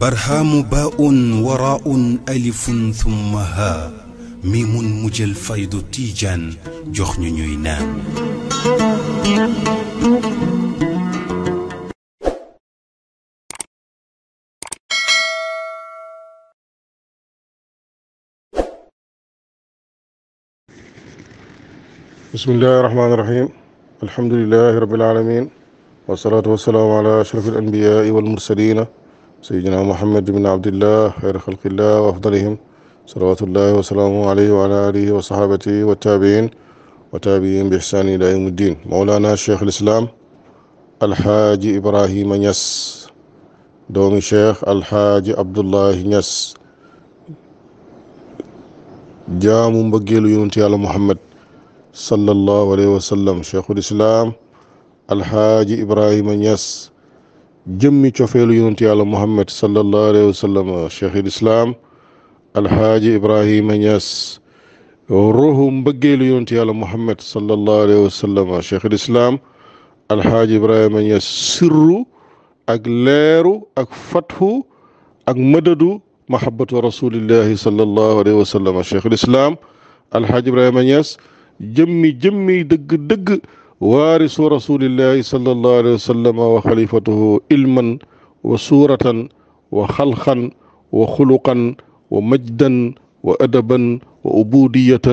برهام باء وراء ألف ثم ها ميم مجل فيض تيجان جخن نينان بسم الله الرحمن الرحيم الحمد لله رب العالمين والصلاة والسلام على أشرف الأنبياء والمرسلين سيدنا محمد بن عبد الله خير خلق الله وأفضلهم صلوات الله وسلامه عليه وعلى آله وصحابته والتابعين وتابعين بإحسان إلى يوم الدين مولانا شيخ الإسلام الحاج إبراهيم نيس دومي شيخ الحاج عبد الله نيس جام mbëggeelu yonent yàlla muhammad sallallahu alayhi wa شيخ الاسلام الحاج ابراهيم ibrahima ñas jëmmi cofeelu yonent yàlla muhammad sallallahu alayhi wa sallam cheikhul islaam alhaaji ibrahima ñas ruuxu mbëggeelu yonent yàlla muhammad sallallahu alayhi wa sallam cheikhul islaam alhaaji ibrahima ñas sirru ak leeru ak fathu ak madadu mahabbatu rasulillahi sallallahu alayhi wa sallam cheikhul islaam alhaaji ibrahima ñas jëmmi jëmmi dëgg dëgg وارث رسول الله صلى الله عليه وسلم وخليفته علما وصورة وخلقا وخلقا ومجدا وأدبا وأبودية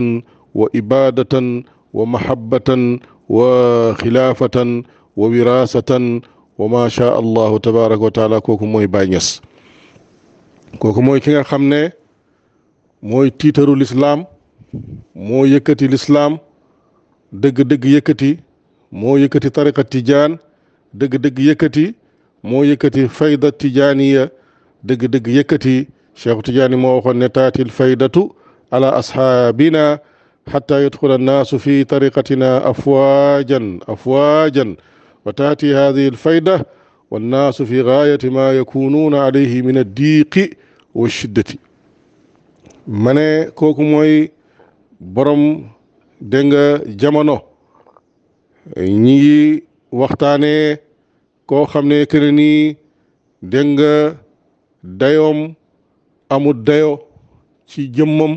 وإبادة ومحبة وخلافة ووراثة وما شاء الله تبارك وتعالى كوكو موي بانيس كوكو موي ki nga موي ne الاسلام موي يكتي الاسلام yëkkati دغ يكتي mo yëkëti tariqa tijan dëgg-dëgg yëkëti mo yëkëti fayda tijaniya dëgg-dëgg yëkëti cheikh tijani mo waxon ne taatil faydatu ala ashabina hatta yadkhul an-nas fi tariqatina afwajan afwajan wa taati hadhihi al-fayda والناس في غاية ما يكونون عليه من wa والشدة من كوكو موي mooy borom جامانو ñii waxtaane koo xam ne que ne nii dégg nga dayoom amul dayo ci jëmmam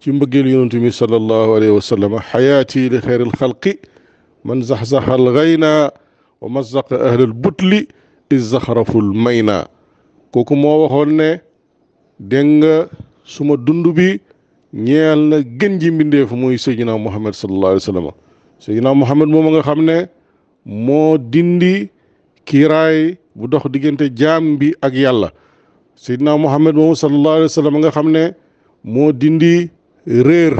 ci mbëggeel yonent bi sallallahu alayhi wa sallam xayaati al xalqi man zaxzaxa al gayna wa mazaqa ahl al butli iz zaxrafu al kooku moo waxoon ne dégg nga suma dund bi ñeel na gën ji mbindeef muy sayyidina Muhammad sallallahu alayhi wa Seydina Muhammad moom nga xam ne moo dindi kiiraay bu dox diggante jaam bi ak yàlla Seydina Muhammad moomu sallallahu alayhi wa sallam nga xam ne moo dindi réer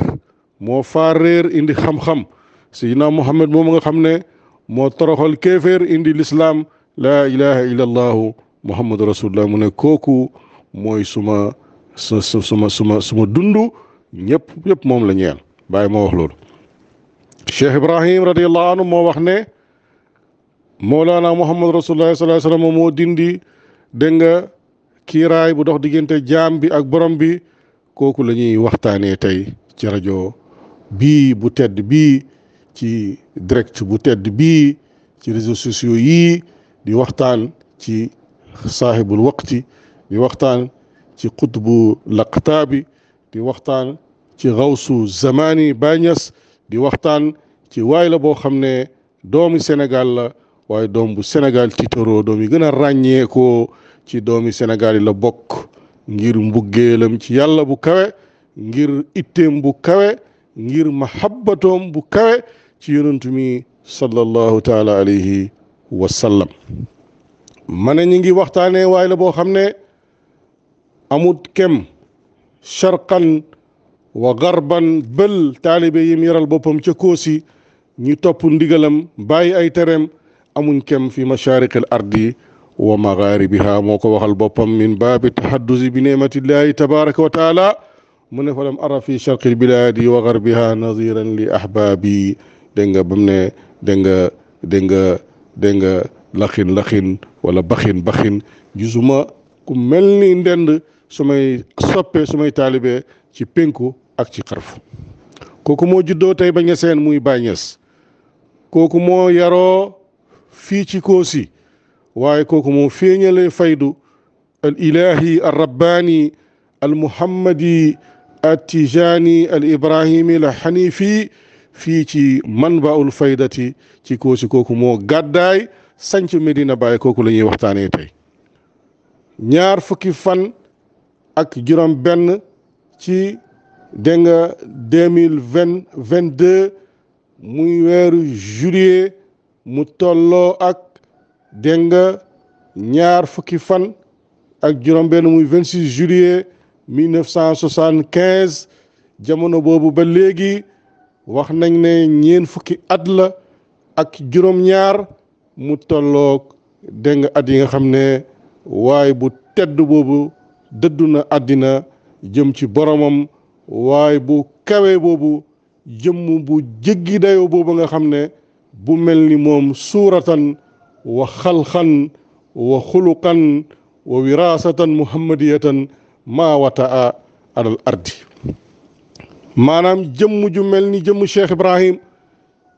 moo faar réer indi xam-xam Seydina Muhammad moomu nga xam ne moo toroxal kéeféer indi lislaam laa ilaha illa allahu muhammadu rasulullah mu ne kooku mooy suma su suma suma suma dund ñëpp ñëpp moom la ñeel bàyyi moo wax cheikh ibrahim radiallahu anhu moo wax ne moolaana muhammad rasulullahi sallallahu alayhi wasallam moo dindi dégg nga kiiraay bu dox diggante jaam bi ak borom bi kooku la ñuy waxtaanee tey ci rajo bii bu tedd bi ci direct bu tedd bii ci réseaux sociaux yii di waxtaan ci saahibul waqti di waxtaan ci qutbu laqtaabi di waxtaan ci xawsu zamani bañas di waxtaan ci waay la boo xam ne doomi senegal la waaye doom bu senegal ci tëroo doom yi gën a ràññeekoo ci doomi Sénégal la bokk ngir mbuggeelam ci yàlla bu kawe ngir itteem bu kawe ngir mahabbatoom bu kawe ci yonent mi sallallahu taala alayhi wa sallam ma ne ñu ngi waxtaanee waay la boo xam ne amut kem sharqan وغربا بل طالب يمير البوبم تشكوسي ني توب نديغلم باي اي تريم امون كيم في مشارق الارض ومغاربها موكو وخال بوبم من باب التحدث بنعمه الله تبارك وتعالى من فلم ارى في شرق البلاد وغربها نظيرا لاحبابي دنگا بمنه دنگا دنگا دنگا لخين لخين ولا بخين بخين جزما كو ملني ندند سمي سوبي سمي طالبي ci penku ak ci xarfu kooku moo juddoo tey ba ñeseen muy Baay Ñas kooku moo yaroo fii ci Koosi waaye kooku moo feeñale faydu al ilahi al rabbaani al muhammadi al tijaani al ibrahimi al xanifi fii ci manbaul faydati ci Koosi kooku moo gàddaay sanc Medina Baay kooku la ñuy waxtaanee tey ñaar fukki fan ak juróom benn ci dégg nga deux mille vingt vingt deux muy weeru juillet mu tolloo ak dégg nga ñaar fukki fan ak juróom-benn muy vingt six juillet mille neuf cent jamono boobu ba léegi wax nañ ne ñeen fukki at la ak juróom-ñaar mu tolloog dégg at yi nga xam ne waaye bu tedd boobu dëddu na àddina jëm ci boromam waaye bu kawe boobu jëmm bu jéggi dayoo boobu nga xam ne bu mel ni moom suuratan wa xalxan wa xuluqan wa wiraasatan muhammadiyatan maa wataa alal ardi maanaam jëmm ju mel ni jëmm Cheikh Ibrahim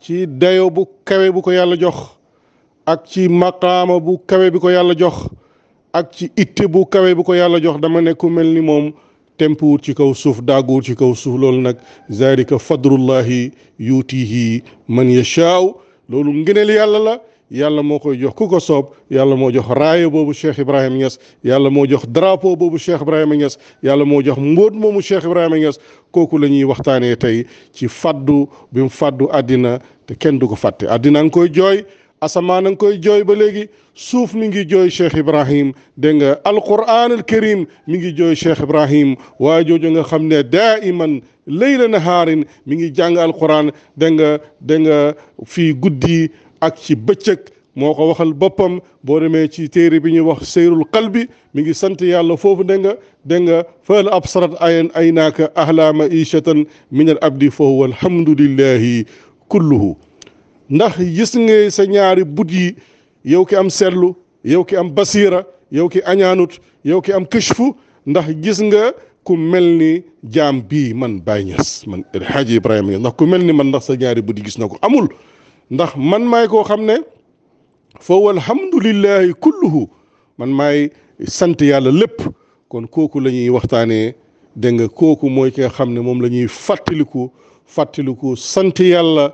ci dayoo bu kawe bu ko yàlla jox ak ci maqaama bu kawe bi ko yàlla jox ak ci itte bu kawe bi ko yàlla jox dama nekku mel ni moom tempuwul ci kaw suuf dagguwul ci kaw suuf loolu nag zalika fadlullahi yuutihi man yashaaw loolu ngëneel yàlla la yàlla moo koy jox ku ko soob yàlla moo jox raaya boobu Cheikh Ibrahima Niass yàlla moo jox drapeau boobu Cheikh Ibrahima Niass yàlla moo jox mbóot moomu Cheikh Ibrahima Niass kooku la ñuy waxtaanee tey ci faddu bi mu faddu àddina te kenn du ko fàtte àddina nga koy jooy asamaan nga koy jooy ba léegi suuf mi ngi jooy Cheikh Ibrahim dégg nga alquran al karim mi ngi jooy Cheikh Ibrahim waa jooju nga xam ne daa iman layla nahaarin mi ngi jàng alquran dégg nga dégg nga fii guddi ak ci bëccëg moo ko waxal boppam boo demee ci téere bi ñuy wax seyrul qalbi mi ngi sant yàlla foofu dégg nga dégg nga fal absarat ayan aynaaka ahla maishatan min al abdi fa alhamdulillahi kulluhu ndax gis nga sa ñaari but yi yow ki am seetlu yow ki am basiira yow ki añaanut yow ki am fu ndax gis nga ku mel ni jaam bii man Baye Niass man El Hadj Ibrahima ndax ku mel ni man ndax sa ñaari bu di gis na ko amul ndax man maay koo xam ne fa walhamdulillahi kulluhu man maay sant yàlla lépp kon kooku la ñuy waxtaanee dégg nga kooku mooy ki nga xam ne moom la ñuy fàttaliku fàttaliku sant yàlla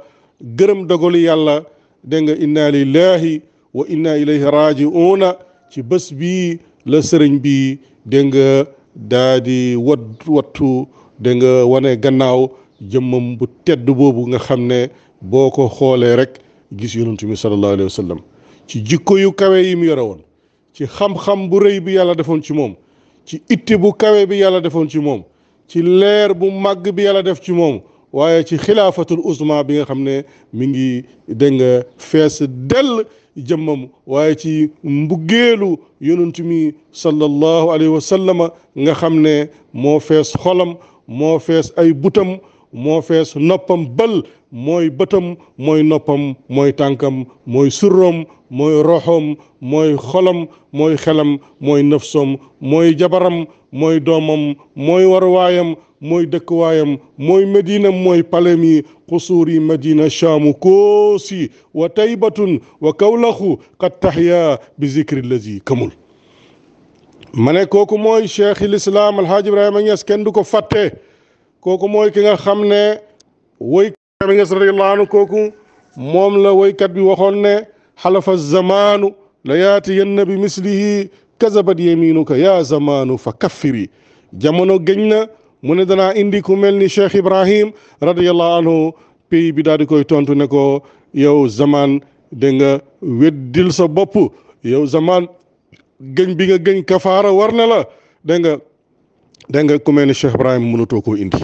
gërëm dogalu yàlla dégg nga inna lillahi wa inna ilayhi raaji'uuna ci bés bii la sëriñ bi dégg nga daa di wattu dégg wane gannaaw jëmmam bu tedd boobu nga xam ne boo ko xoolee rek gis yonent bi sallallahu alayhi wa ci jikko yu kawe yi mu yore woon ci xam-xam bu rëy bi yàlla defoon ci moom ci itte bu kawe bi yàlla defoon ci moom ci leer bu màgg bi yàlla def ci moom waaye ci xilaafatul usma bi nga xam ne mi ngi dégg nga fees dell jëmmam waaye ci mbuggeelu yonent mi sallallahu alayhi wa sallama nga xam ne moo fees xolam moo fees ay butam moo fees noppam bal mooy bëtam mooy noppam mooy tànkam mooy surrom mooy roxom mooy xolam mooy xelam mooy nafsom mooy jabaram mooy doomam mooy warwaayam mooy dëkkwaayam موي madina موي palemi قصور مدينة شام كوسي وتيبة وكولخ قد تحيا بذكر الذي كمل ma ne kooku mooy cheikh lislaam alhaaji ibrahima ñes kenn du ko fàtte kooku mooy ki nga xam ne woy ibrahima ñes anhu kooku moom la woykat bi waxoon ne xalafa zamaanu la yaatiyanna bi mislihi kazabat yaminuka yaa zamaanu fa kaffiri jamono gëñ mu ne danaa indi ku mel ni Cheikh Ibrahim radiyallahu anhu pays bi daal di koy tontu ne ko yow zaman da nga weddil sa bopp yow zaman gëñ bi nga gëñ kafaara war na la da nga nga ku mel ni Cheikh Ibrahim mënatoo ko indi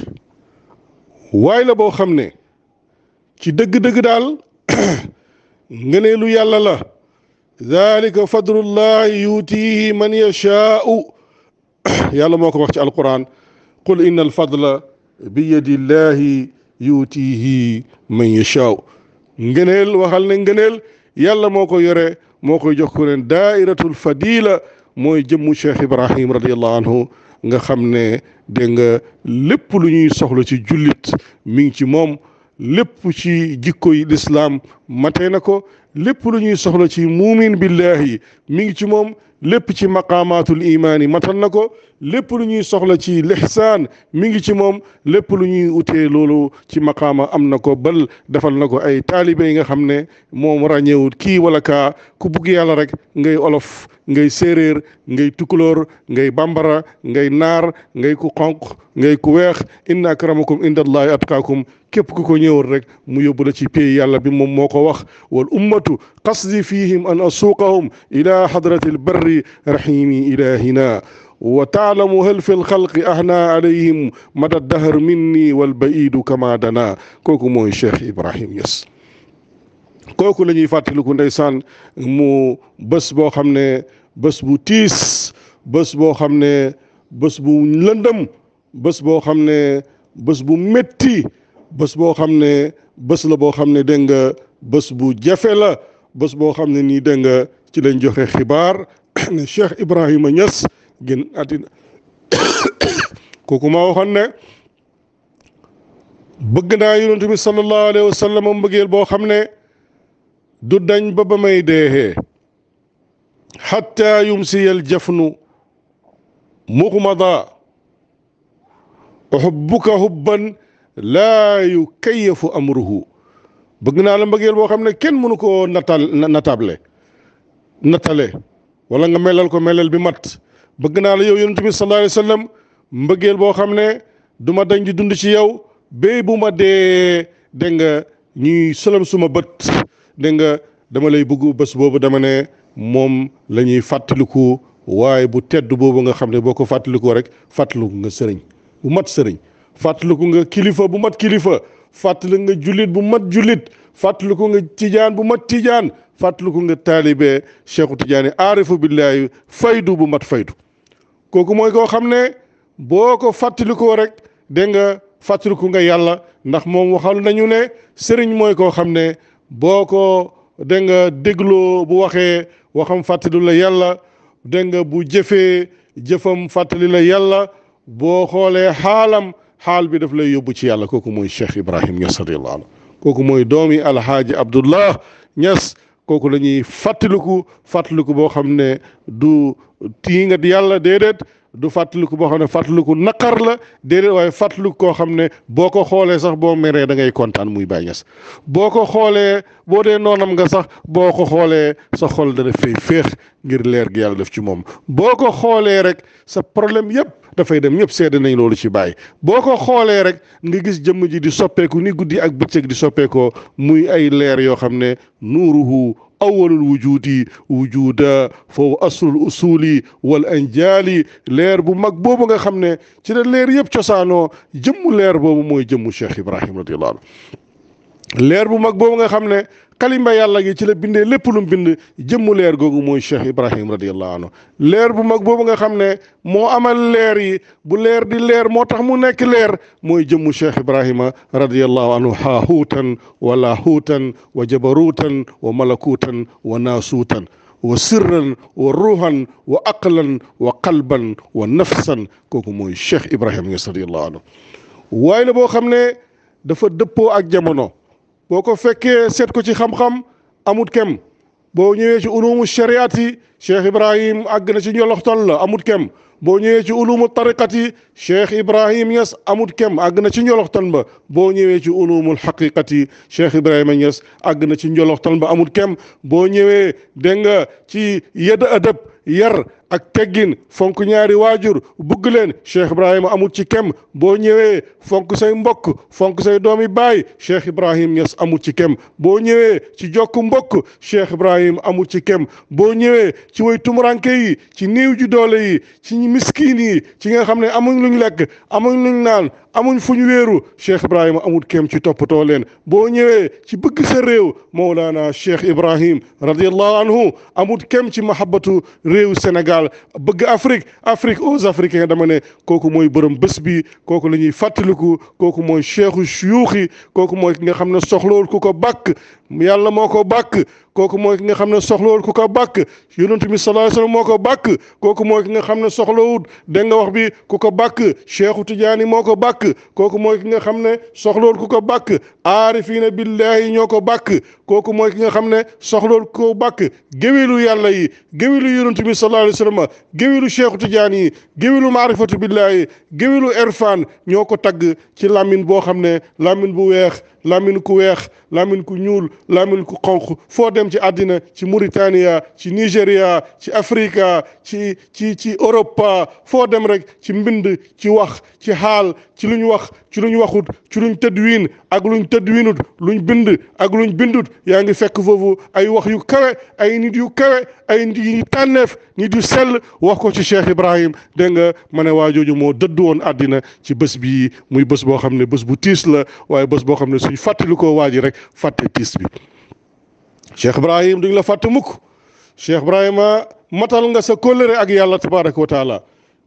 waaye la boo xam ne ci dëgg-dëgg daal ngëneelu yàlla la dalika fadlullahi yuutihi man yashaau yàlla moo ko wax ci alquran qul inna alfadla bi yadillahi yuutihi man yashaaw ngëneel waxal ne ngëneel yàlla moo ko yore moo koy jox ko leen daairatul fadila mooy jëmmu cheikh ibrahim radiallahu anhu nga xam ne dégg nga lépp lu ñuy soxla ci jullit mi ngi ci moom lépp ci jikko yi lislaam matee na ko lépp lu ñuy soxla ci muumin billahi mi ngi ci moom lépp ci maqaamaatul imaan yi matal na ko lépp lu ñuy soxla ci lixsaan mi ngi ci moom lépp lu ñuy utee loolu ci maqaama am na ko bal defal na ko ay taalibe yi nga xam ne moom ràññeewut kii wala kaa ku bugg yàlla rek ngay olof ngay séeréer ngay tukulóor ngay bambara ngay naar ngay ku xonq ngay ku weex inna akramakum indallahi atqakum atqaakum képp ku ko ñëwal rek mu yóbbu la ci pay yàlla bi moom moo ko wax wal ummatu qasdi fihim an asuqahum ila hadratil barri rahimi ilahina wa taalamu hal fi lxalqi ahna alayhim mada dahar minni wal ba kama dana kooku mooy Cheikh Ibrahim Niass kooku la ñuy fàttaliku ndeysaan mu bés boo xam ne bés bu tiis bés boo xam ne bés bu lëndëm bés boo xam ne bés bu metti bés boo xam ne bés la boo xam ne dégg nga bés bu jafe la bés boo xam ne nii dégg nga ci lañ joxe xibaar ne Cheikh Ibrahima Niass génn àddina kooku waxoon ne bëgg naa yonent bi sallallahu alayhi wa mbëggeel boo xam ne du dañ ba ba may deexee xatta yumsiyal jafnu muxmada uhubbuka hubban laa yukayyafu amruhu bëgg naa la mbëggeel boo xam ne kenn mënu koo natal natable natale wala nga melal ko melal bi mat bëgg naa la yow yonent bi sallallahu alayhi wa mbëggeel boo xam ne duma dañ di dund ci yow béy bu ma dee dégg nga ñuy sëlam suma bët dégg nga dama lay bëgg bés boobu dama ne moom la ñuy fàttaliku waaye bu tedd boobu nga xam ne boo ko fàttalikoo rek fàttaliku nga sëriñ bu mat sëriñ fàttaliku nga kilifa bu mat kilifa fàttali nga jullit bu mat jullit fàttaliku nga tiijaan bu mat tiijaan fàttaliku nga taalibe Cheikhu Tidiane aarifu billaahi faydu bu mat faydu kooku mooy koo xam ne boo ko fàttalikoo rek dégg nga fàttaliku nga yàlla ndax moom waxal nañu ne sëriñ mooy koo xam ne boo ko dégg nga dégloo bu waxee waxam fàttali la yàlla dégg nga bu jëfee jëfam fàttali la yàlla boo xoolee xaalam xaal bi daf lay yóbbu ci yàlla kooku mooy Cheikh Ibrahim Niass radiyallahu anhu kooku mooy doomi alhaaji Abdullah Niass kooku la ñuy fàttaliku fàttaliku boo xam ne du nga tiingat yàlla déedéet du fàttaliku boo xam ne fàttaliku naqar la déedéet waaye fàttaliku koo xam ne boo ko xoolee sax boo meree da ngay kontaan muy Baay Ñas boo ko xoolee boo dee noonam nga sax boo ko xoolee sa xol dana fay feex ngir leer gi yàlla def ci moom boo ko xoolee rek sa problème yëpp dafay dem ñëpp seede nañ loolu ci bàyyi boo ko xoolee rek nga gis jëmm ji di soppeeku ni guddi ak bëccëg di soppeekoo muy ay leer yoo xam ne nuuruhu أول الوجود وجودا فهو أصل الأصول والأنجال leer bu mag boobu nga xam ne ci la leer yëpp cosaanoo jëmmu leer boobu mooy jëmmu Cheikh Ibrahim radiyallahu anhu leer bu mag boobu nga xam ne kalimba yàlla gi ci la bindee lépp lu bind jëmmu leer googu mooy Cheikh Ibrahim radiallahu anhu leer bu mag boobu nga xam ne moo amal leer yi bu leer di leer moo tax mu nekk leer mooy jëmmu Cheikh Ibrahima radiallahu anhu haahuutan wa laahuutan wa jabaruutan wa malakuutan wa naasuutan wa sirran wa ruuhan wa aqlan wa qalban wa nafsan kooku mooy Cheikh Ibrahima Niass radiallahu anhu waaye la boo xam ne dafa dëppoo ak jamono boo ko fekkee seet ko ci xam-xam amut kem boo ñëwee ci ulumu shariat yi cheikh ibrahim àgg na ci njoloxtal la amut kem boo ñëwee ci ulumu tariqat yi cheikh ibrahim ñes amut kem àgg na ci njoloxtal ba boo ñëwee ci ulumul xaqiqat yi cheikh ibrahima ñes àgg na ci njoloxtal ba amut kem boo ñëwee dégg nga ci yedd adab yar ak teggin fonk ñaari waajur bugg leen Cheikh Ibrahima amul ci kem boo ñëwee fonk say mbokk fonk say doomi baay Cheikh Ibrahim Niass amul ci kem boo ñëwee ci jokk mbokk Cheikh Ibrahim amul ci kem boo ñëwee ci way tumuranke yi ci néew ju doole yi ci miskiin yi ci nga xam ne amuñ luñ lekk amuñ luñ naan amuñ fu ñu wéeru Cheikh Ibrahima amul kem ci toppatoo leen boo ñëwee ci bëgg sa réew Mawlana Cheikh Ibrahim radiyallahu anhu amul kem ci mahabbatu réew Sénégal Sénégal bëgg Afrique Afrique aux Africains dama ne kooku mooy borom bés bi kooku la ñuy fàttaliku kooku mooy cheikhu suyuuxi kooku mooy ki nga xam ne soxlawul ku ko bàkk yàlla moo ko bàkk kooku mooy ki nga xam ne soxlawul ku ko bàkk yonent bi sallallahu alayhi moo ko bàkk kooku mooy ki nga xam ne soxlawul dégg nga wax bi ku ko bàkk Cheikhu Tidiane moo ko bàkk kooku mooy ki nga xam ne soxlawul ku ko bàkk aarifiina billahi ñoo ko bàkk kooku mooy ki nga xam ne soxlawul ku ko bàkk géwélu yàlla yi géwélu yonent bi sallallahu alayhi wasallam géwélu Cheikhu Tidiane yi géwélu maarifatu billahi géwélu erfan ñoo ko tagg ci làmmin boo xam ne làmmin bu weex làmmiñ ku weex làmmiñ ku ñuul làmmiñ ku xonq foo dem ci àddina ci Mauritania ci Nigéria ci Africa ci ci ci Europe foo dem rek ci mbind ci wax ci xaal ci lu ñu wax ci luñ waxut ci luñ tëdwiin ak luñ tëdwiinut luñ bind ak luñ bindut yaa ngi fekk foofu ay wax yu kawe ay nit yu kawe ay nit yu tànneef nit yu sell wax ko ci Cheikh Ibrahim dégg nga ma ne waa jooju moo dëdd woon àddina ci bés bi muy bés boo xam ne bés bu tiis la waaye bés boo xam ne suñ fàttali koo waa ji rek fàtte tiis bi Cheikh Ibrahim duñ la fàtte mukk Cheikh Ibrahima matal nga sa kóllëre ak yàlla tabaraka wa taala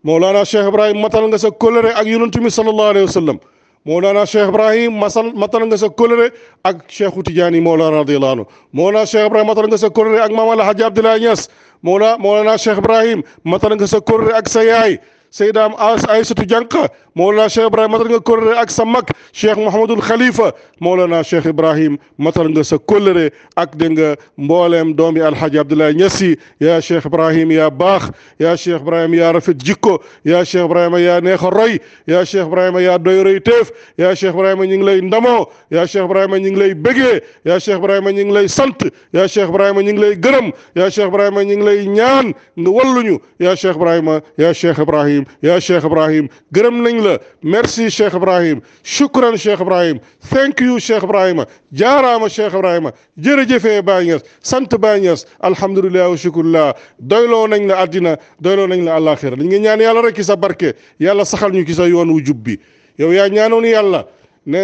Mawlana Cheikh Ibrahim matal nga sa kóllëre ak yonent bi sallallahu alayhi wa sallam Mawlana Cheikh Ibrahim masal matal nga sa kóllëre ak Cheikhu Tidiane Mawlana radiyallahu anhu Mawlana Cheikh Ibrahim matal nga sa kóllëre ak Maam El Hadj Abdoulaye Niass Mawla Mawlana Cheikh Ibrahim matal nga sa kóllëre ak sa yaay seydaam aysatu jànqa moolana cheikh ibrahim matal nga kóllëre ak sa mag cheikh mouhamadul xalifa moolana cheikh ibrahim matal nga sa kóllëre ak dégg nga mbooleem doomi alhaji abdoulaye ñasi yaa cheikh ibrahim yaa baax ya cheikh ibrahima yaa rafet jikko yaa cheikh ibrahima yaa neex a roy yaa cheikh ibrahima yaa doy roy téef yaa cheikh ibrahima ñi ngi lay ndamoo yaa cheikh ibrahima ñi ngi lay ya yaa cheikh ibrahima ñi ngi lay sant yaa cheikh ibrahima ñi ngi lay gërëm yaa cheikh ibrahima ngi lay ñaan nga walluñu yaa cheikh ibrahima yaa cheikh ibrahim ابراهيم يا شيخ ابراهيم جرم له ميرسي شيخ ابراهيم شكرا شيخ ابراهيم ثانك يو شيخ ابراهيم جارام شيخ ابراهيم جيري جرجفي بانيس سانت بانيس الحمد لله وشكر الله دويلو نين لا ادينا دويلو نين لا الاخر لي نيان يالا ركي سا بركه يالا سخال نيو كيسا يون وجوبي يو يا نيانون يالا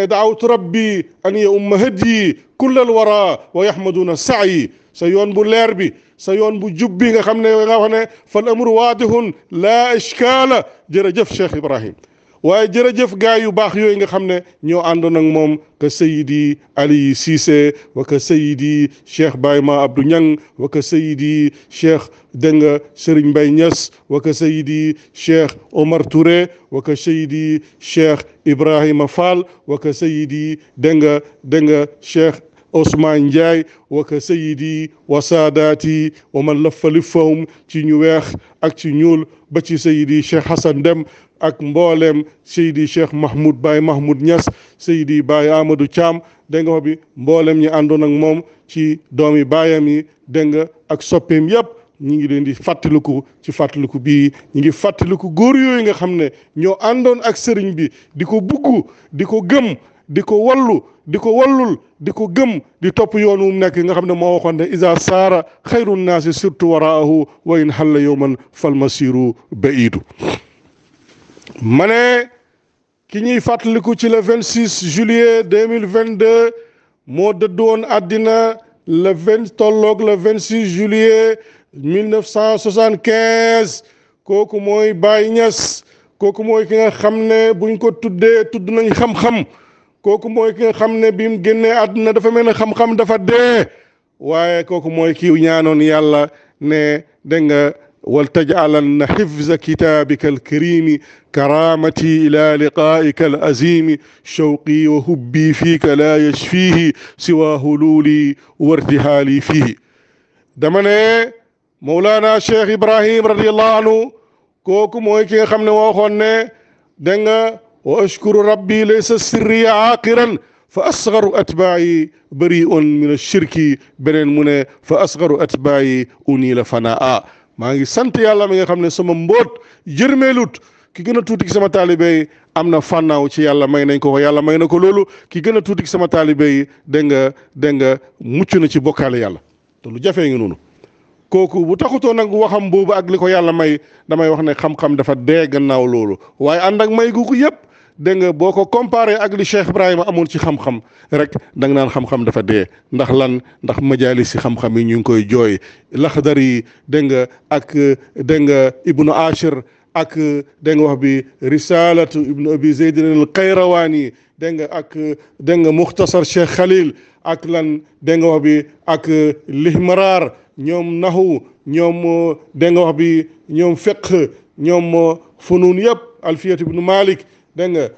دعوت ربي ان يا ام هدي كل الورى ويحمدون السعي سيون بوليربي sa yoon bu jub bi nga xam ne nga wax ne fal amru waadihun laa ishkaala jërëjëf Cheikh Ibrahim waaye jërëjëf gaa yu baax yooyu nga xam ne ñoo àndoon ak moom ka sayidi ali Cissé wa ka sayidi cheikh Baye Ma Abdou Niang wa ka sayidi cheikh dégg nga Serigne Mbaye Niass wa ka sayidi cheikh Omar Touré wa ka sayidi cheikh Ibrahima Fall wa ka sayidi dégg nga dégg nga cheikh Ousmane Ndiaye wa ka sayidi wa saadaati wa man lafa liffahum ci ñu weex ak ci ñuul ba ci sayidi Cheikh Hassan Deme ak mboolem sayidi Cheikh Mahmoud Baye Mahmoud Niass sayidi Baye Amadou Thiam dégg nga bi mbooleem ñi àndoon ak moom ci doomi baayam yi dégg nga ak soppeem yépp ñi ngi leen di fàttaliku ci fàttaliku bii ñi ngi fàttaliku góor yooyu nga xam ne ñoo àndoon ak sëriñ bi di ko bugg di ko gëm di ko wallu di ko wallul di ko gëm di topp yoon wu mu nekk nga xam ne moo waxoon ne isa saara xayru naasi surtout waraahu wa in xalla yowman falmasiru baidu ma ne ki ñuy fàttaliku ci le 26 juillet deux moo dëdd woon àddina le 20 tolloog le 26 juillet 1975 kooku mooy Baye Niass kooku mooy ki nga xam ne buñ ko tuddee tudd nañ xam-xam koku moy ki nga xamne bi mu genné aduna dafa melni xam-xam dafa dé waye koku moy ki ñaanon yàlla ne de nga wal hifz kitabika al-karim karamati ila liqa'ika al-azim shawqi wa hubbi fika la yashfihi siwa hululi wa irtihali fihi dama ne مولانا شيخ ابراهيم رضي الله عنه mooy موي كي خامني واخون ني دنگ wa ashkuru rabbi laysa sirriya aaqiran fa asgaru atbaayi bariun min ashirki beneen mu ne fa asgaru atbaayi uniila fanaa maa ngi sant yàlla mi nga xam ne sama mbóot jërmeelut ki gën a tuuti sama taalibe am na fànnaaw ci yàlla may nañ ko ko yàlla may na ko loolu ki gën a tuuti sama taalibe yi dégg nga dégg nga mucc na ci bokkaale yàlla te lu jafee ngi noonu kooku bu taxutoo nag waxam boobu ak li ko yàlla may damay wax ne xam-xam dafa dee gannaaw loolu waaye ànd ak may gu yëpp dégg nga boo ko comparé ak li Cheikh Ibrahima amoon ci xam-xam rek da nga naan xam-xam dafa dee ndax lan ndax majalis si xam-xam yi ñu ngi koy jooy laxdar yi dégg nga ak dégg nga ibnu Achir ak dégg nga wax bi risalatu ibnu abi zeydin al qayrawaani dégg nga ak dégg nga muxtasar Cheikh Khalil ak lan dégg wax bi ak lihmaraar ñoom naxu ñoom dégg bi ñoom feq ñoom funuun yëpp alfiyat ibnu Malik dégg nga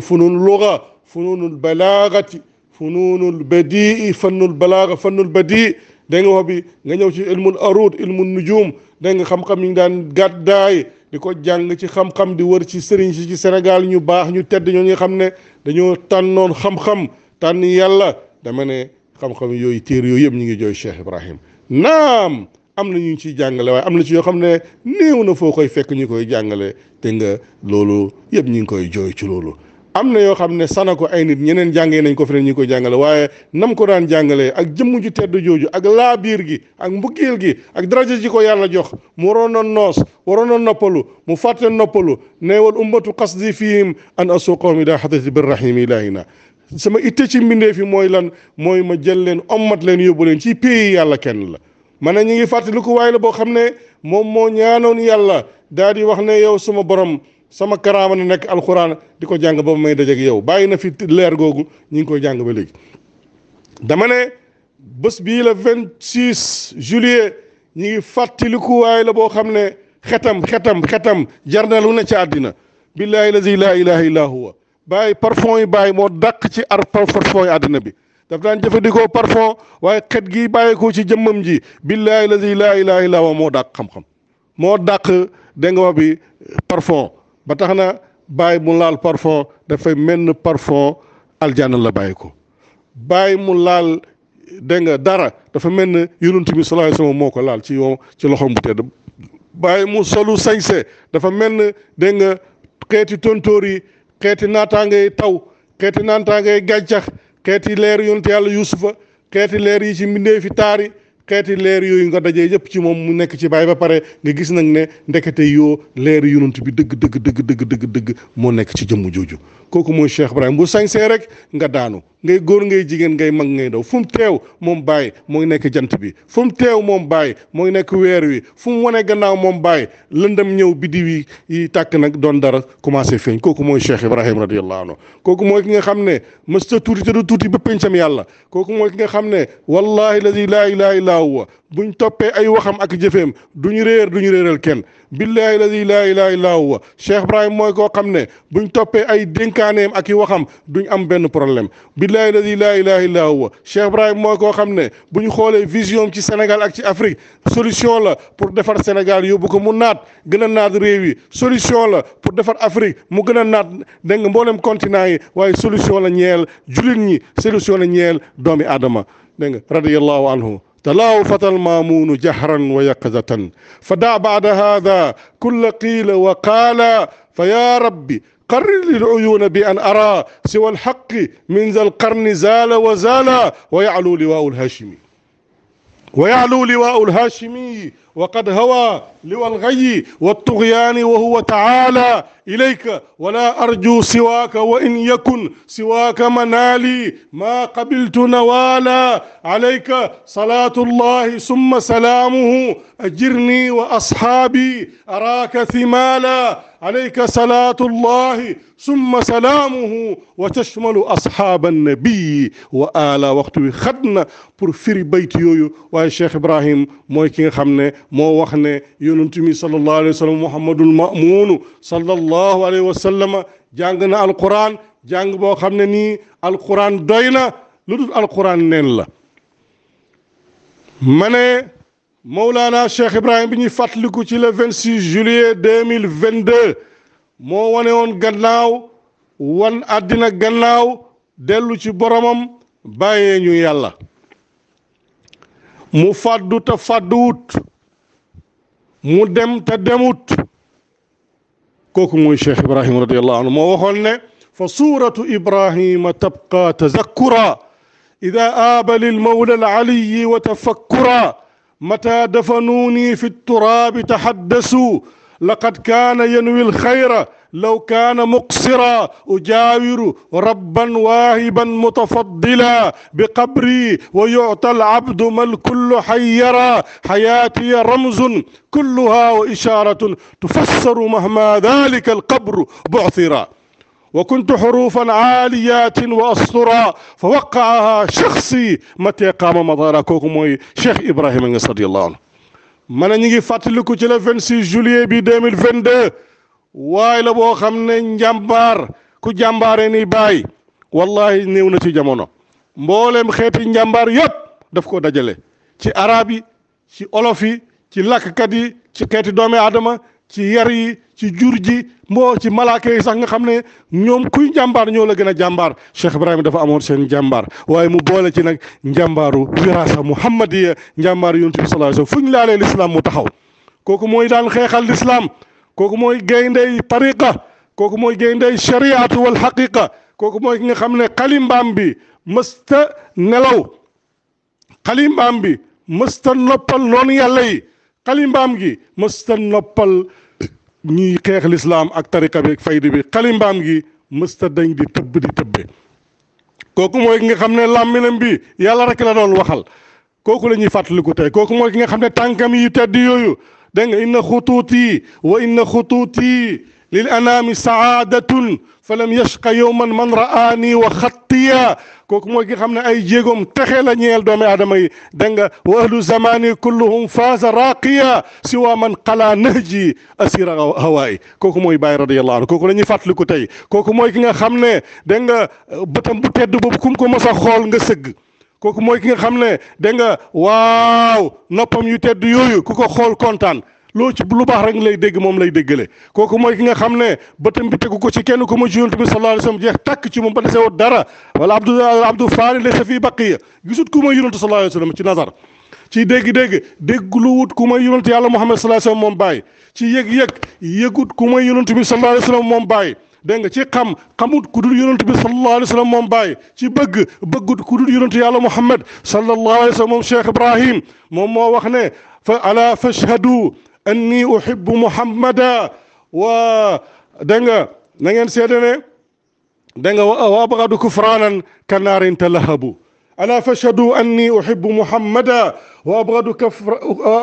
fununu luga fununu balaagati fununu badii fannul balaaga fannul badii dégg nga wax bi nga ñëw ci ilmul arud ilmul nujum dégg nga xam-xam yi daan gàddaay di ko jàng ci xam-xam di wër ci sëriñ si ci Sénégal ñu baax ñu tedd ñoo nga xam ne dañoo tànnoon xam-xam tànn yàlla dama ne xam-xam yooyu téer yooyu yëpp ñu ngi jooy Cheikh Ibrahim naam am na ñu ciy jàngale waaye am na ci yoo xam ne néew na foo koy fekk ñu koy jàngale te nga loolu yëpp ñu ngi koy jooy ci loolu am na yoo xam ne sana ko ay nit ñeneen jàngee nañ ko fi feneen ñu koy jàngale waaye nam ko daan jàngalee ak jëmm ju tedd jooju ak laabiir gi ak mbëggeel gi ak daraje ji ko yàlla jox mu waroon na noos waroon na noppalu mu fàtte noppalu neewal ummatu qasdi fihim an asuqahum ila xatati birrahim ilahina sama itte ci mbindeef yi mooy lan mooy ma jël leen ommat leen yóbbu leen ci pays yàlla kenn la man na ñu ngi fàttaliku waay la boo xam ne moom moo ñaanoon yàlla daal di wax ne yow suma borom sama karaama na nekk alxuraan di ko jàng ba may dajeeg yow bàyyi na fi leer googu ñu ngi koy jàng ba léegi. dama ne bés bii la vingt six juillet ñu ngi fàttaliku waay la boo xam ne xetam xetam xetam jar na lu ci àddina billaahi lazi laa ilaaha illaa huwa bàyyi parfum yi bàyyi moo dàq ci ar parfum yi àddina bi. daf daan jëfandikoo parfon waaye xet gi bàyyeekoo ci jëmmam ji billaahi lazi laa ilaaha illa huwa moo dàq xam-xam moo dàq dégg nga bi parfon ba tax na bàyyi mu laal parfum dafay menn parfum aljanna la bàyyi bàyyi mu laal dégg nga dara dafa mel ne yonent bi sallallaahu moo ko laal ci yow ci loxoom bu tedd bàyyi mu solu sañse dafa mel ne dégg nga xeeti tontóor yi xeeti naataangay taw xeeti naataangay gàncax xeeti leer yonent yàlla yuusufa xeeti leer yi ci mbindee fi taari xeeti leer yooyu nga dajee yëpp ci moom mu nekk ci baay ba pare nga gis nag ne ndekete yoo leer yonent bi dëgg dëgg dëgg dëgg dëgg dëgg moo nekk ci jëmm jooju kooku mooy Cheikh Ibrahima bu sañsee rek nga daanu ngay góor ngay jigéen ngay mag ngay ndaw fu mu teew moom bàyyi mooy nekk jant bi fu mu teew moom bàyyi mooy nekk weer wi fu mu wane gannaaw moom bàyyi lëndam ñëw biddiw yi yi tàkk nag doon dara commencé feeñ kooku mooy Cheikh Ibrahim radiyallahu anhu kooku mooy ki nga xam ne mës ta tuuti te du tuuti ba pencam yàlla kooku mooy ki nga xam ne wallahi lazi laa ilaha illa huwa bu ñu toppee ay waxam ak jëfeem du ñu réer ñu réeral kenn billaahi ladi laa ilaaha illaa huwa Cheikh Ibrahim mooy koo xam ne buñ toppee ay dénkaaneem ak i waxam duñ am benn problème billaahi ladi laa ilaaha illaa huwa Cheikh Ibrahim xam ne bu ñu xoolee vision ci Sénégal ak ci Afrique solution la pour defar Sénégal yóbbu ko mu naat gën a naat réew yi solution la pour defar Afrique mu gën a naat dégg nga mboolem continent yi waaye solution la ñeel jullit ñi solution la ñeel doomi aadama dégg nga radiyallahu anhu تلاوفت المامون جهرا ويقظة فدع بعد هذا كل قيل وقال فيا ربي قرر للعيون بأن أرى سوى الحق من ذا القرن زال وزال ويعلو لواء الهاشمي ويعلو لواء الهاشمي وقد هوى لوى الغي والطغيان وهو تعالى إليك ولا أرجو سواك وإن يكن سواك منالي ما قبلت نوالا عليك صلاة الله ثم سلامه أجرني وأصحابي أراك ثمالا عليك صلاة الله ثم سلامه وتشمل أصحاب النبي وآلا وقت خدنا برفير بيت يويو yooyu waaye Cheikh Ibrahim mooy mo wax ne yonentou mi sallallahu alayhi wasallam muhammadul ma'mun sallallahu alayhi wasallam jàng na alquran jàng bo xamne ni alquran doyna ludul alquran nen la mané ne Mawlana Cheikh Ibrahim bi ñuy ci le 26 juillet 2022 moo wane woon gannaaw wan àddina gannaaw dellu ci boromam bàyyee ñu yàlla mu fàddu te fàdduwut mu dem te demut kooku mooy cheikh ibrahima radiallahu anhu moo waxoon ne fa suuratu ibrahima tabqa tazakkura ida aaba lilmawla alaliyi wa tafakkura mata dafanuuni fi turaabi tahaddasu لقد كان ينوي الخير لو كان مقصرا أجاور ربا واهبا متفضلا بقبري ويعطى العبد ما الكل حيرا حياتي رمز كلها وإشارة تفسر مهما ذلك القبر بعثرا وكنت حروفا عاليات وأسطرا فوقعها شخصي متى قام مضاركوكم شيخ إبراهيم رضي الله عنه ma ne ñu ngi fàttaliku ci le 26 juillet bi 2022 waaye la boo xam ne njàmbaar ku jàmbaare ni bàyyi wallahi néew na ci jamono mbooleem xeeti njàmbaar yépp def ko dajale ci arab yi ci olof yi ci lakk yi ci xeeti doomi aadama ci yar yi ci jur ji mboo ci malaaka yi sax nga xam ne ñoom kuy jàmbaar ñoo la gën a jàmbaar Cheikh Ibrahima dafa amoon seen jàmbaar waaye mu boole ci nag njàmbaaru wiraasa muhammadiya njàmbaaru yonent bi sallallahu alayhi wasallam fu ñu laalee lislaam mu taxaw kooku mooy daan xeexal lislaam kooku mooy gayndey tariqa kooku mooy gayndey shariatu wal haqiqa kooku mooy ki nga xam ne xalimbaam bi mësta nelaw xalimbaam bi mësta noppal noonu yàlla yi mbaam gi mësta noppal ñuy xeex lislaam ak tariqa bi faydu bi xalimbaam gi mësta dañ di tëbb di tëbbe kooku mooy ki nga xam ne làmbinam bi yàlla rek la doon waxal kooku lañuy fàttaliku tey kooku mooy ki nga xam ne tànkam yi tedd yooyu dégg nga inna xutuut yi wa inna xutuut yi للأنام سعادة فلم يشق يوما من رآني وخطيا كوك موكي خمنا أي جيغم تخيل نيال دومي آدمي دنگا وأهل زماني كلهم فاز راقيا سوى من قلا نهجي أسير هواي كوك موي باي رضي الله عنه كوك لني فاتل كتاي كوك موي كنا خمنا دنگا بطن بطن دبو بكم كو مسا خول نسق كوك موي كنا خمنا دنگا واو نبم يتدو يويو كوكو خول كونتان loo ci lu baax rek lay dégg moom lay déggale kooku mooy ki nga xam ne bëtam bi tegu ko ci kenn ku mu ci yonent bi sallallahu alayhi wa sallam jeex tàkk ci moom ba desewoo dara wala abdu abdu faani laysa fii baqiya gisut ku mooy yonent sallallahu alayhi wa sallam ci nazar ci dégg-dégg dégglu wut ku may yonent yàlla muhammad sallallahu alayhi moom baay ci yëg-yëg yëgut ku may yonent bi sallallahu alayhi wa moom bàyyi dégg nga ci xam xamut ku dul yonent bi sallallahu alayhi wa sallam moom bàyyi ci bëgg bëggut ku dul yonent yàlla muhammad sallallahu alayhi wa sallam moom cheikh ibrahim moom moo wax ne fa ala fashhadu anni uhibbu muhammada wa danga na ngeen seede ne danga wa abgadu kufranan kanaarin talahabu ألا فاشهدوا أني أحب محمدا وأبغض كفر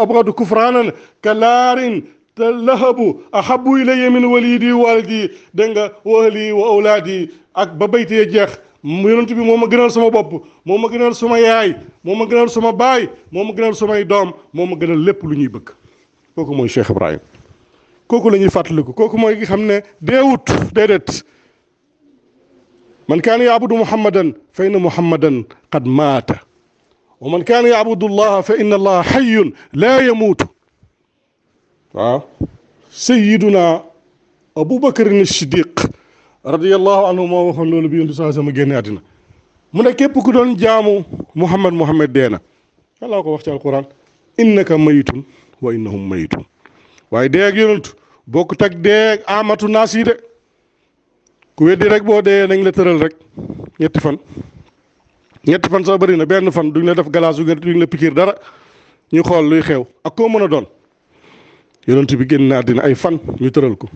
أبغض كفرانا كنار لهب أحب إلي من وليدي ووالدي دنجا وأهلي وأولادي أك ببيتي يجيخ yonent bi moo ma gënal sama bopp moo ma gënal sama yaay moo ma gënal sama baay moo ma gënal samay doom moo ma gënal lépp lu ñuy bëgg kooku mooy Cheikh Ibrahim kooku la ñuy fàttaliku kooku mooy ki xam ne deewut déedéet man kaana yaabudu muhammadan fa inna muhammadan qad maata wa man kaana yaabudu allaha fa inna allaha xayun laa yamuutu waaw sayiduna abubakarin siddiq radiallahu anhu moo waxoon loolu bi yontu saa sama génne àddina mu ne képp ku doon jaamu muhammad muhammad deena yàlla ko wax ci alquran innaka maytun wa innahum mayitun waaye dee ak yonent bokkut ak dee amatu naas yi de ku weddi rek boo dee nañ la tëral rek ñetti fan ñetti fan soo bari na benn fan duñ la def galaas duñ la pikiir dara ñu xool luy xew ak koo mën a doon yonent bi génn naa àddina ay fan ñu tëral ko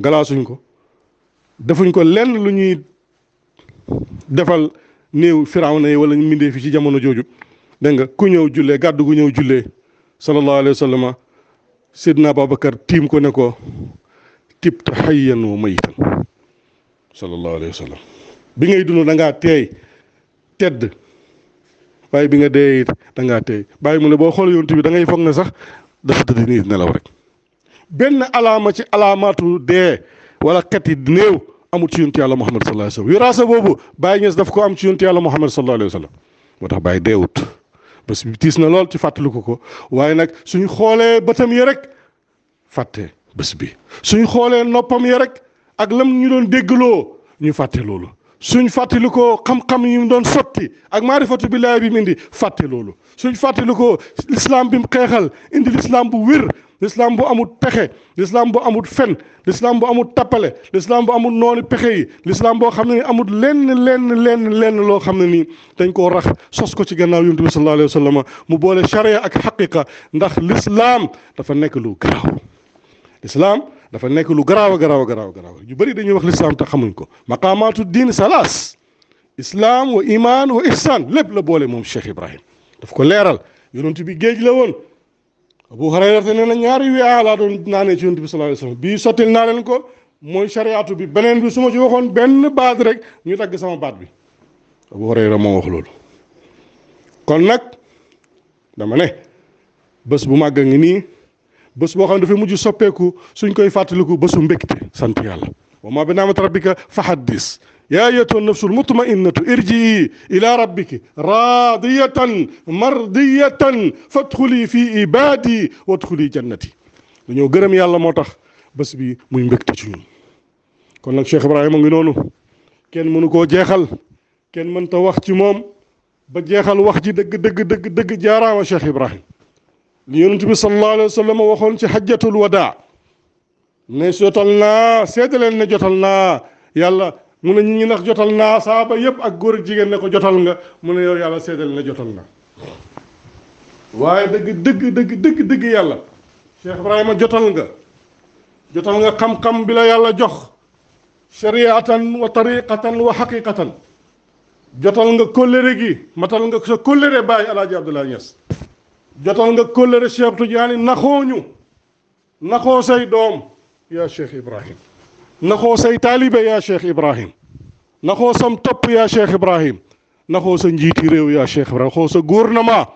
galaasuñ ko defuñ ko lenn lu ñuy defal néew firaw na yi wala mbindee fi ci jamono jooju dégg nga ku ñëw jullee gàddu gu ñëw jullee sallallahu alayhi wa sallam sidna Babacar tiim ko ne ko tibta hayyan wa maytan sallallahu alayhi wa sallam bi ngay dund dangaa ngaa teey tedd waaye bi nga dee it da ngaa teey bàyyi mu ne boo xool yontu bi da ngay foog ne sax dafa tëdd nii nelaw rek benn alaama ci alaamaatu dee wala xet yi néew amul ci yontu yàlla Muhammad sallallahu alayhi wa sallam boobu bàyyi ñees daf ko am ci yontu yàlla Muhammad sallallahu alayhi wa sallam moo tax bàyyi deewut bés bi tiis na lool ci fàttaliku ko ko waaye nag suñu xoolee bëtam yi rek fàtte bés bi suñu xoolee noppam yi rek ak lam ñu doon déggloo ñu fàtte loolu suñ fàttali ko xam-xam ñu mu doon sotti ak maa maarifatu billaahi bi mu indi fàtte loolu suñ fàttali ko lislaam bi mu xeexal indi lislaam bu wér l'islam bu amul pexe l'islam bu amul fen l'islam bu amul tappale l'islam bu amul noonu pexe yi l'islam boo xam ne ni amul lenn lenn lenn loo xam ne nii dañ koo rax sos ko ci gannaaw yonent bi sallallahu alayhi wa mu boole charia ak xaqiqa ndax l'islam dafa nekk lu garaaw dafa nekk lu garaaw a a garaaw garaaw ñu bëri dañuy wax l'islam te xamuñ ko maqaamaatu diin salaas islam wa iman wa ihsan lépp la boole moom Cheikh Ibrahim daf ko leeral yonent bi géej la woon Abu Hurayrata nee na ñaari wi laa doon naanee ci yonent bi sallallahu alayhi wasallam bii sottil naa ko mooy chariatu bi beneen bi su ma ci waxoon benn baat rek ñu dagg sama baat bi Abu Hurayra moo wax loolu kon nag dama ne bés bu màgg ngi nii bés boo xam ne dafa mujj soppeeku suñ koy fàttaliku bésu mbégte sant yàlla wa ma bi naamati rabbika fa haddis يا ايتها النفس المطمئنه ارجعي الى ربك راضيه مرضيه فادخلي في عبادي وادخلي جنتي دانيو گرم يالا موتاخ بس بي موي مبكت سي كون نك شيخ ابراهيم مغي نونو كين منوكو جيخال كين منتا واخ سي موم با جيخال واخ جي دغ دغ دغ دغ جارام شيخ ابراهيم لي يونتبي صلى الله عليه وسلم واخون سي حجه الوداع ني سوتلنا سيدلن ني جوتلنا يالا mu ne ñi nax jotal naa saaba yëpp ak góor ak jigéen ne ko jotal nga mu ne yow yàlla seedal na jotal na waaye dëgg dëgg dëgg dëgg dëgg yàlla Cheikh Ibrahima jotal nga jotal nga xam-xam bi la yàlla jox shariatan wa tariqatan wa xaqiqatan jotal nga kóllëre gi matal nga sa kóllëre bàyyi alaaji Abdoulaye Niass jotal nga kóllëre Cheikh Tidiane naxooñu naxoo say doom yaa Cheikh Ibrahim نخو سي طالب يا شيخ ابراهيم نخو سم توب يا شيخ ابراهيم نخو سي نجيتي ريو يا شيخ ابراهيم نخو سي غورنما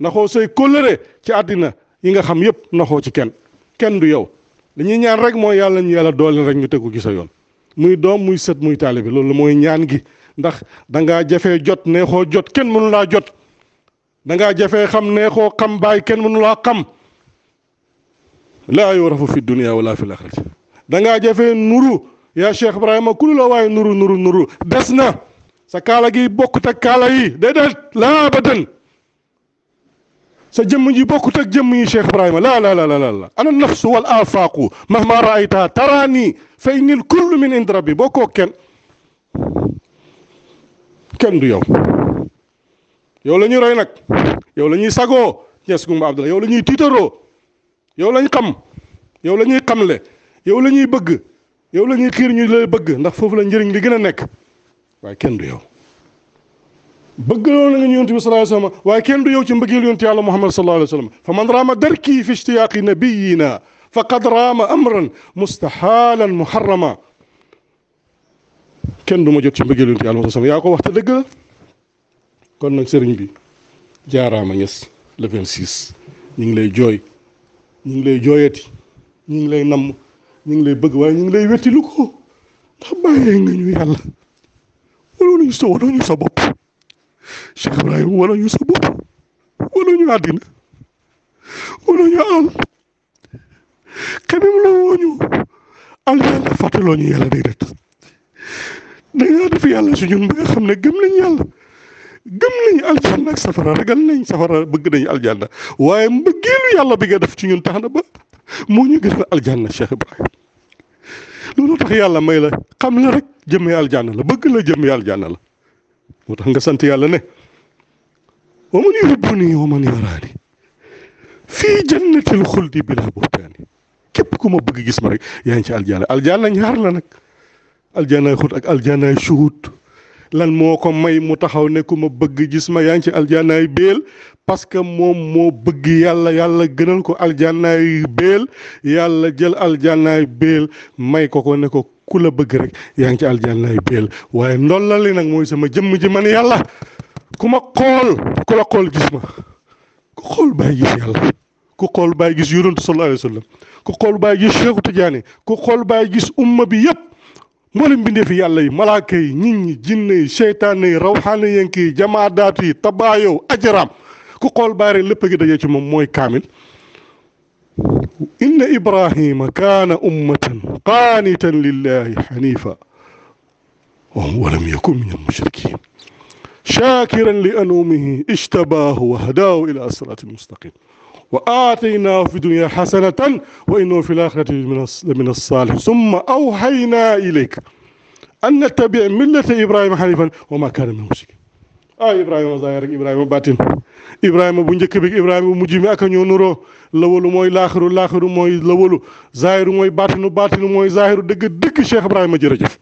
نخو سي كولري تي ادنا ييغا خام ييب نخو تي كين كين دو يو لي ني نيان رك مو يالا ني يالا دول رك ني تيكو غيسا يون موي دوم موي سيت موي طالب لول موي نيان غي ndax da nga جوت jot neexo jot ken mënu la jot da nga jafé xam neexo xam bay ken mënu la xam la yurafu fi dunya wala da ngaa jafee nuru yaa Cheikh Ibrahima ku waaye nuru nuru nuru des na sa kaala gi bokkut ak kaala yi déedéet laa ba den sa jëm ji bokkut ak jëmm yi Cheikh Ibrahima laa laa laa ana nafsu wal afaaqu mahma raaytaha taraani fa innil kullu min bi rabbi bokkoo kenn kenn du yow yow lañuy ñuy roy nag yow la ñuy sagoo Cees Gumba Abdallah yow lañuy ñuy tiitaroo yow lañ xam yow la ñuy xamle yow lañuy bëgg yow lañuy xir ñu lay bëgg ndax foofu la njëriñ li gën a nekk waaye kenn du yow bëgg loolu nga ñu yonte bi sallallahu alayhi wa sallam waaye kenn du yow ci mbëggeel yonte yàlla muhammad sallallahu alayhi wa sallam fa man raama darki fi ishtiyaaqi nabiyina fa qad raama amran mustahalan muharrama kenn du ma jot ci mbëggeel yonte yàlla muhammad sallallahu alayhi wa sallam yaa ko wax te dëgg kon nag sëriñ bi jaaraama ñes le 26 ñu ngi lay jooy ñu ngi lay jooyati ñu ngi lay namm ñu ngi lay bëgg waaye ñu ngi lay wettilu ko ndax bàyyee nga ñu yàlla wala ñu sa wala ñu sa bopp Cheikh Ibrahima wala ñu sa bopp wala ñu àddina wala ñu alal xamim la woo ñu yàlla fàttaloo ñu yàlla day det dañoo def yàlla su ñun ba nga xam ne gëm nañ yàlla gëm nañu aljanna ak safara ragal nañ safara bëgg nañu aljanna waaye mbëggeelu yàlla bi nga def ci ñun tax na ba moo ñu gënal aljanna Cheikh Ibrahima loolu tax yàlla may la xam la rek jëmee aljanna la bëgg la jëmee aljanna la moo tax nga sant yàlla ne wa man yuhibbuni wa man yaraani fii jannatil xuldi bilaa ku ma bëgg gis ma rek yaa ngi ci aljanna aljanna ñaar la nag aljannaay xut ak aljannaay shuhud lan moo ko may mu taxaw ne ku ma bëgg gis ma yaa ngi ci aljannaay béel parce que moom moo bëgg yàlla yàlla gënal ko aljannaay béel yàlla jël aljannaay béel may ko ko ne ko ku la bëgg rek yaa ngi ci aljannaay béel waaye ndolla li nag mooy sama jëmm ji man yàlla ku ma xool ku la xool gis ma ku xool bàyyi gis yàlla ku xool bàyyi gis yonent sallallahu alayhi wa ku xool bàyyi gis Cheikh Tidiane ku xool bàyyi gis umma bi yëpp مولم بنده في الله ملاكي نيني جيني شيطاني روحاني ينكي جماداتي تبايو اجرام كو قول باري لبقي دا يجمع موي كامل إن إبراهيم كان أمة قانتا لله حنيفا وهو لم يكن من المشركين شاكرا لأنومه اشتباه وهداه إلى صراط المستقيم وآتيناه في الدنيا حسنة وإنه في الآخرة من الصالح ثم أوحينا إليك أن نتبع ملة إبراهيم حنيفا وما كان من المشركين آه إبراهيم ظاهر إبراهيم باطن إبراهيم بن جكبك إبراهيم مجيمي أكا نورو لولو موي لاخر لاخر موي لولو زاير موي باتنو باتنو موي ظاهر دك دك شيخ إبراهيم جرجف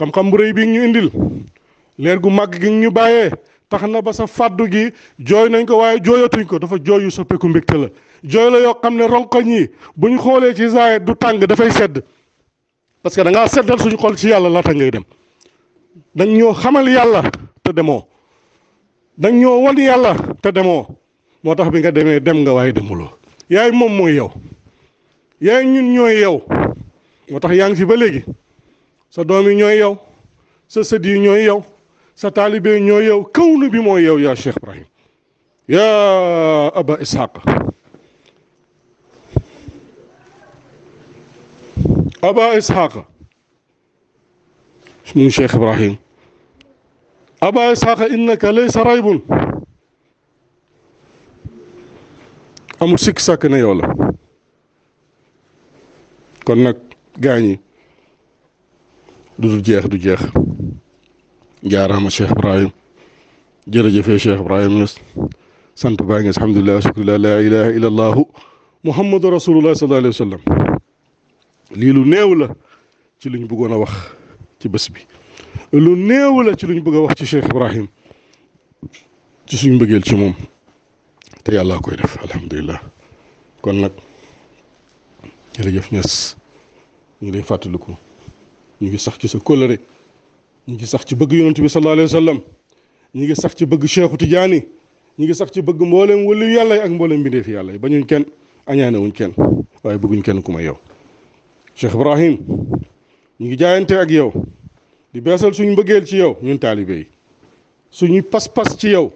كم كم بريبين يندل نيو انديل لير غو ماغ نيو tax na ba sa fàddu gi jooy nañ ko waaye jooyatuñ ko dafa jooy yu soppeeku mbégte la jooy la yoo xam ne ronkoñ yi bu ñu xoolee ci zaahir du tàng dafay sedd parce que da ngaa seddal suñu xol ci yàlla laata ngay dem dañ ñoo xamal yàlla te demoo dañ ñoo wan yàlla te demoo moo tax bi nga demee dem nga waaye demuloo yaay moom mooy yow yaay ñun ñooy yow moo tax yaa ngi fi ba léegi sa doom yi ñooy yow sa sët yi ñooy yow sa taalibe ñooy yow dawlu bi mooy yow yaa Cheikh Ibrahim yaa Aba Ishaq Aba Ishaq moom Cheikh Ibrahim Aba Ishaq innaka laysa raybun amul sikk sàkk ne yow la kon nag gaañi du du jeex du jeex jaaraama Cheikh Ibrahim جرجف يا شيخ ابراهيم يوسف سانت باغيس الحمد لله شكرا لا اله الا الله محمد رسول الله صلى الله عليه وسلم ليلو نيولا تي لي نبغونا واخ تي بس بي لو نيولا تي لي نبغى واخ تي شيخ ابراهيم تي سوني مبغيل تي موم تي يالا كوي ديف الحمد لله كون نك جرجف نيس ني لي فاتلوكو نيغي صاح تي سا كولري نيغي صاح تي بغي يونتبي صلى الله عليه وسلم ñu ngi sax ci bëgg Cheikhu Tijaani ñi ngi sax ci bëgg mboolem wëlu yàlla yi ak mboolem mbindeef yàlla yi bañuñ kenn añaane wuñ kenn waaye bëgguñ kenn ku ma yow Cheikh Ibrahim ñu ngi jaayante ak yow di beesal suñ mbëggeel ci yow ñun taalibe yi suñu pas-pas ci yow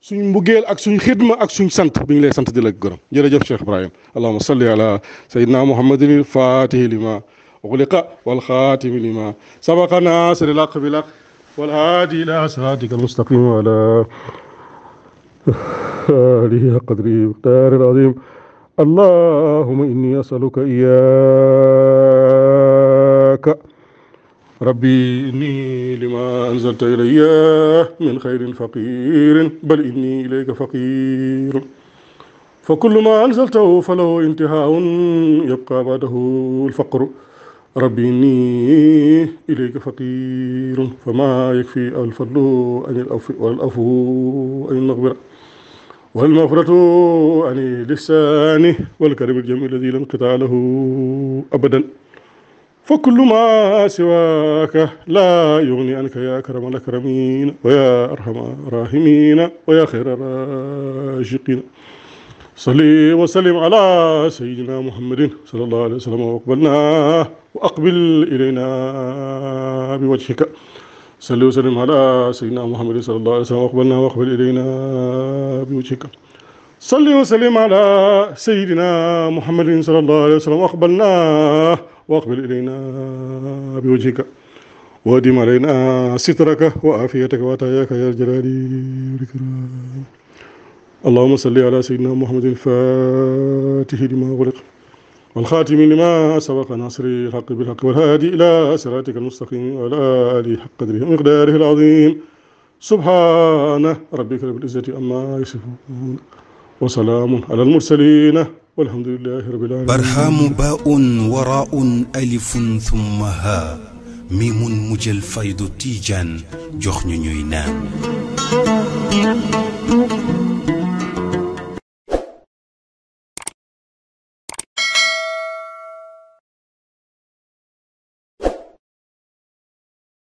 suñ mbëggeel ak suñu xidma ak suñ sant bi ñu lay sant di la gërëm jërëjëf Cheikh Ibrahim allahuma salli ala sayidina muhammadin il fatihi lima uxliqa walxaatimi lima sabaqa والهادي إلى صراطك المستقيم وعلى آله قدره مقدار العظيم اللهم إني أسألك إياك ربي إني لما أنزلت إلي من خير فقير بل إني إليك فقير فكل ما أنزلته فله انتهاء يبقى بعده الفقر ربي إني إليك فقير فما يكفي الفضل أن الأوفي والأفو أن المغفرة والمغفرة عن لساني والكرم الجميل الذي لا انقطاع له أبدا فكل ما سواك لا يغني عنك يا أكرم الأكرمين ويا أرحم الراحمين ويا خير الراشقين صلي وسلم على سيدنا محمد صلى الله عليه وسلم وأقبلنا وأقبل إلينا بوجهك صلي وسلم على سيدنا محمد صلى الله عليه وسلم وأقبلنا وأقبل إلينا بوجهك صلي وسلم على سيدنا محمد صلى الله عليه وسلم وأقبلنا وأقبل إلينا بوجهك وادم علينا سترك وعافيتك وعطاياك يا جلالي والكرام اللهم صل على سيدنا محمد الفاتح لما غلق والخاتم لما سبق ناصر الحق بالحق والهادي إلى صراطك المستقيم وعلى آله حق قدره ومقداره العظيم سبحان ربك رب العزة أما يصفون وسلام على المرسلين والحمد لله رب العالمين برهام باء وراء ألف ثم ها ميم مجل فيض تيجان جخن نام